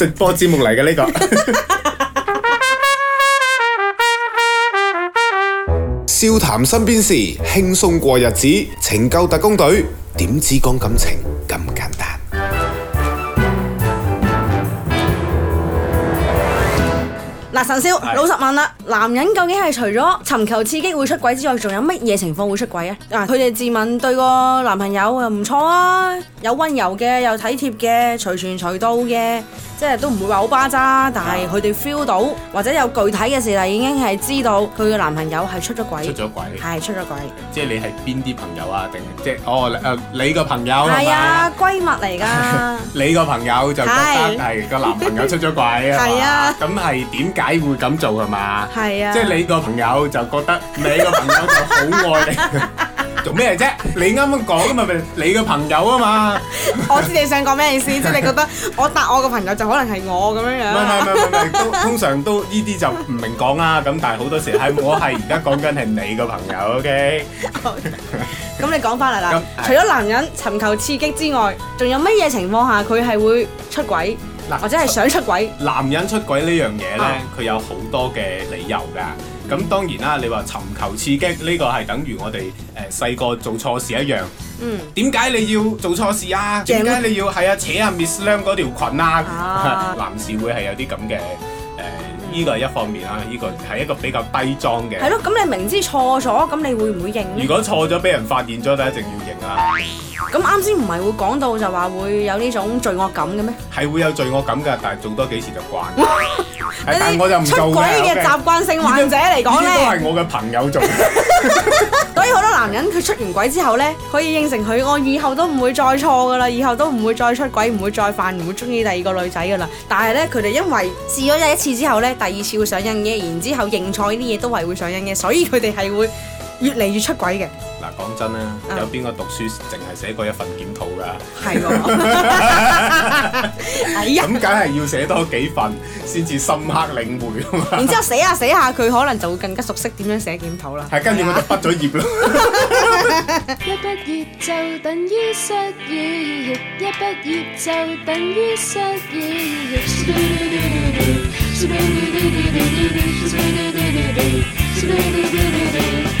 直播節目嚟嘅，呢個 笑談，笑談身邊事，輕鬆過日子，情救特工隊，點止講感情咁簡單？嗱、呃，神少，是老實問啦，男人究竟係除咗尋求刺激會出軌之外，仲有乜嘢情況會出軌啊？嗱、呃，佢哋自問對個男朋友啊唔錯啊，有温柔嘅，有體貼嘅，隨傳隨到嘅。即係都唔會話好巴喳，但係佢哋 feel 到，或者有具體嘅事例，已經係知道佢嘅男朋友係出咗軌，出咗軌係出咗軌。即係你係邊啲朋友啊？定即係哦誒，你個朋友係咪啊？閨蜜嚟噶。你個朋友就覺得係個男朋友出咗軌啊嘛？咁係點解會咁做係嘛？係啊。即係你個朋友就覺得，你個朋友就好愛你。做咩啫？你啱啱講㗎嘛，咪你個朋友啊嘛！我知你想講咩意思，即係你覺得我答我個朋友就可能係我咁樣樣。唔係唔係唔係，都通常都呢啲就唔明講啊。咁但係好多時係我係而家講緊係你個朋友，OK？咁你講翻嚟啦。除咗男人尋求刺激之外，仲有乜嘢情況下佢係會出軌，或者係想出軌？男人出軌呢樣嘢咧，佢有好多嘅理由噶。咁當然啦，你話尋求刺激呢，呢個係等於我哋誒細個做錯事一樣。嗯，點解你要做錯事啊？點解你要係啊，啊扯下，啊、Miss Lung 嗰條裙啊？啊 男士會係有啲咁嘅誒，依、呃呢個係一方面啦，啊、呢，呢個係一個比較低裝嘅。係咯，咁你明知錯咗，咁你會唔會認？如果錯咗俾人發現咗，第一定要認啊！嗯咁啱先唔係會講到就話會有呢種罪惡感嘅咩？係會有罪惡感噶但係做多幾次就慣。 你們 但係我就唔做嘅。出軌習慣性患者嚟講咧，都係我嘅朋友做。 所以好多男人佢出完軌之後咧，可以應承佢，我以後都唔會再錯噶啦以後都唔會再出軌，唔會再犯，唔會中意第二個女仔噶啦但係咧，佢哋因為試咗一次之後咧，第二次會上癮嘅，然之後認錯呢啲嘢都係會上癮嘅，所以佢哋係會。越嚟越出軌嘅，嗱講真啦，有邊個讀書淨係寫過一份檢討㗎？係喎，哎呀，咁梗係要寫多幾份先至深刻領會嘛。然之後寫下寫下，佢可能就會更加熟悉點樣寫檢討啦。係跟住我就畢咗業啦。一畢業就等於失業，一畢業就等於失業。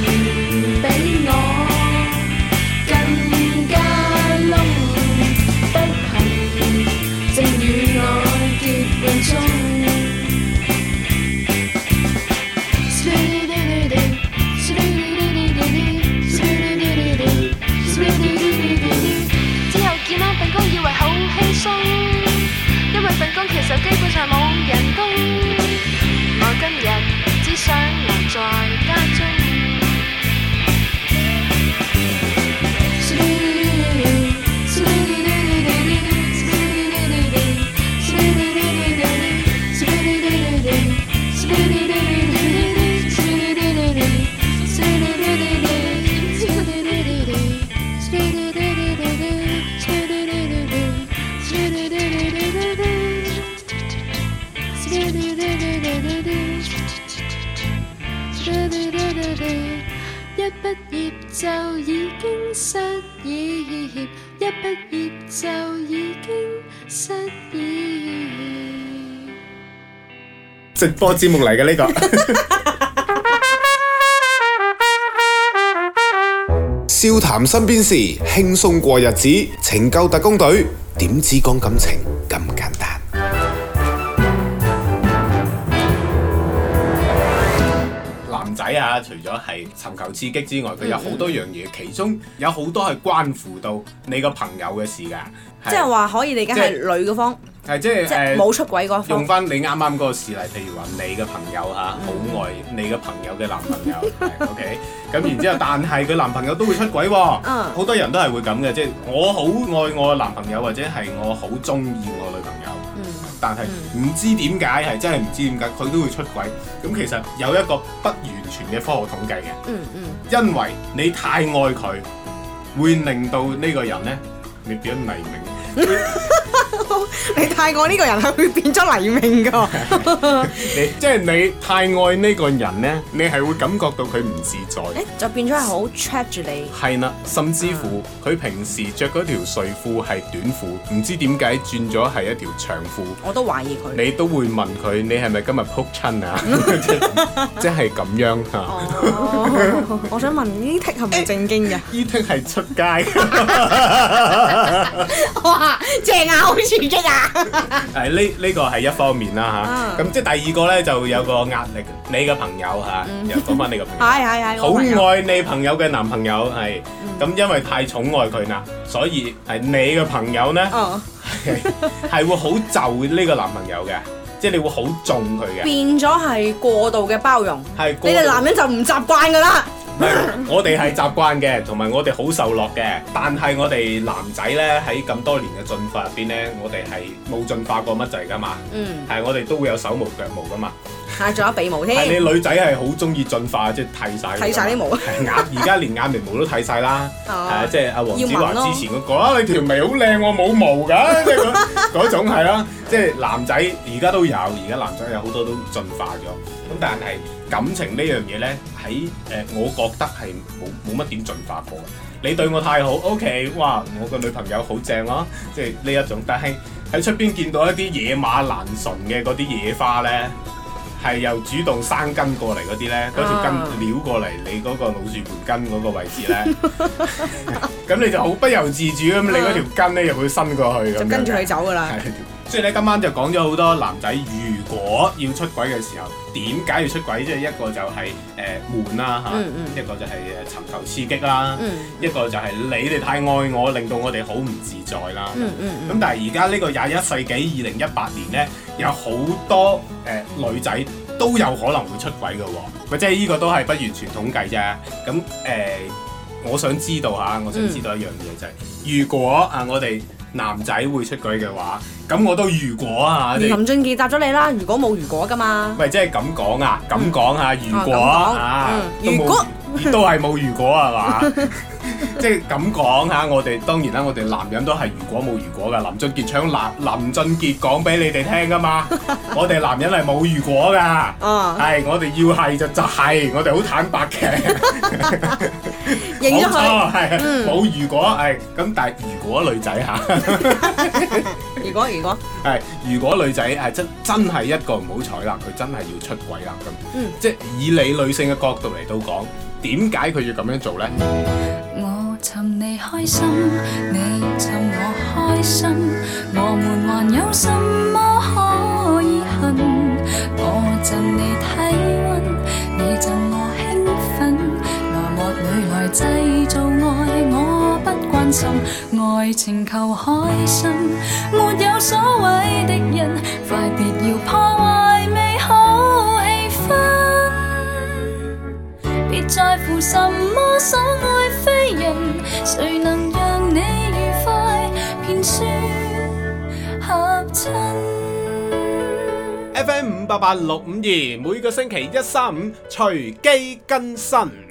一畢業就已經失意，一畢業就已經失意。直播節目嚟嘅呢個，笑談身邊事，輕鬆過日子，情救特工隊，點止講感情？除咗係尋求刺激之外，佢有好多樣嘢，嗯嗯其中有好多係關乎到你個朋友嘅事㗎。即係話可以，理解家係女嘅方，係即係冇出軌嗰方。用翻你啱啱嗰個事例，譬如話你個朋友嚇好、嗯、愛你個朋友嘅男朋友、嗯，OK？咁 然之後，但係佢男朋友都會出軌喎，哦。好、嗯、多人都係會咁嘅，即、就、係、是、我好愛我男朋友，或者係我好中意我女朋友。但係唔知點解，係、嗯、真係唔知點解，佢都會出軌。咁其實有一個不完全嘅科學統計嘅，嗯嗯因為你太愛佢，會令到呢個人呢，你變咗泥鳶。你太愛呢個人係會變咗黎明噶，你即係你太愛呢個人咧，你係會感覺到佢唔自在，就變咗係好 check 住你。係啦， 甚至乎佢平時着嗰條睡褲係短褲，唔知點解轉咗係一條長褲。我都懷疑佢。你都會問佢，你係咪今日撲親啊？即係咁樣吓。哦，我想問呢剔係咪正經嘅？欸、呢剔係出街。 哇，正啊，好似～啊！呢呢、 哎這個係一方面啦嚇，咁、啊啊、即係第二個咧就有個壓力。你嘅朋友嚇，又講翻你朋友哎哎哎、嗰個朋友，係係係好愛你朋友嘅男朋友係，咁因為太寵愛佢嗱，所以係你嘅朋友咧係會好就呢個男朋友嘅，即係你會好重佢嘅，變咗係過度嘅包容。係，你哋男人就唔習慣㗎啦。 係，我哋係習慣嘅，同埋我哋好受落嘅。但係我哋男仔咧喺咁多年嘅進化入邊咧，我哋係冇進化過乜滯噶嘛。嗯，係我哋都會有手毛腳毛噶嘛。係仲有鼻毛添。係你女仔係好中意進化即係剃晒。剃晒啲毛。眼而家連眼眉毛都剃晒啦。哦。誒，即係阿黃子華之前嗰、那個啊，你條眉好靚，我冇毛噶、 啊，即係嗰嗰種係啦。即係男仔，而家都有，而家男仔有好多都進化咗。咁但係。感情呢樣嘢呢，喺、呃、我覺得係冇冇乜點進化過嘅。你對我太好，OK，哇！我個女朋友好正咯，即係呢一種。但係喺出邊見到一啲野馬難馴嘅嗰啲野花呢，係又主動生根過嚟嗰啲呢，嗰、啊、條根撩過嚟你嗰個老樹盤根嗰個位置呢。咁 你就好不由自主咁，你嗰條根呢、啊、又會伸過去咁，就跟住你走噶啦。係，所以咧今晚就講咗好多男仔語。果要出軌嘅時候，點解要出軌？即係一個就係、是、誒、呃、悶啦、啊、嚇，嗯、一個就係、是、誒尋求刺激啦、啊，嗯、一個就係你哋太愛我，令到我哋好唔自在啦、啊。咁、嗯嗯、但係而家呢個廿一世紀二零一八年呢，有好多誒、呃、女仔都有可能會出軌嘅喎、啊。咪即係呢個都係不完全統計啫。咁誒、呃，我想知道嚇、啊，我想知道一樣嘢就係、是，如果啊、呃，我哋。男仔會出軌嘅話，咁我都如果啊，你林俊傑答咗你啦，如果冇如果噶嘛，咪即係咁講啊，咁講啊。嗯「如果啊，都都係冇如果係嘛， 即係咁講嚇，我哋當然啦，我哋男人都係如果冇如果噶，林俊傑唱「林林俊傑講俾你哋聽噶嘛， 我哋男人係冇如果噶，係我哋要係就就係，我哋好、就是、坦白嘅。 冇錯，係冇如果，係咁，但係如果女仔嚇，如果如果係如果女仔係真真係一個唔好彩啦，佢真係要出軌啦咁，即係以你女性嘅角度嚟到講，點解佢要咁樣做咧？我尋你開心，你尋我開心，我冇萬有心。製造愛我不關心愛情求開心，沒有所謂敵人，快別要破壞美好氣氛，別在乎什麼所愛非人，誰能讓你愉快便算合襯 FM 五八八六五二，每個星期一、三、五隨機更新。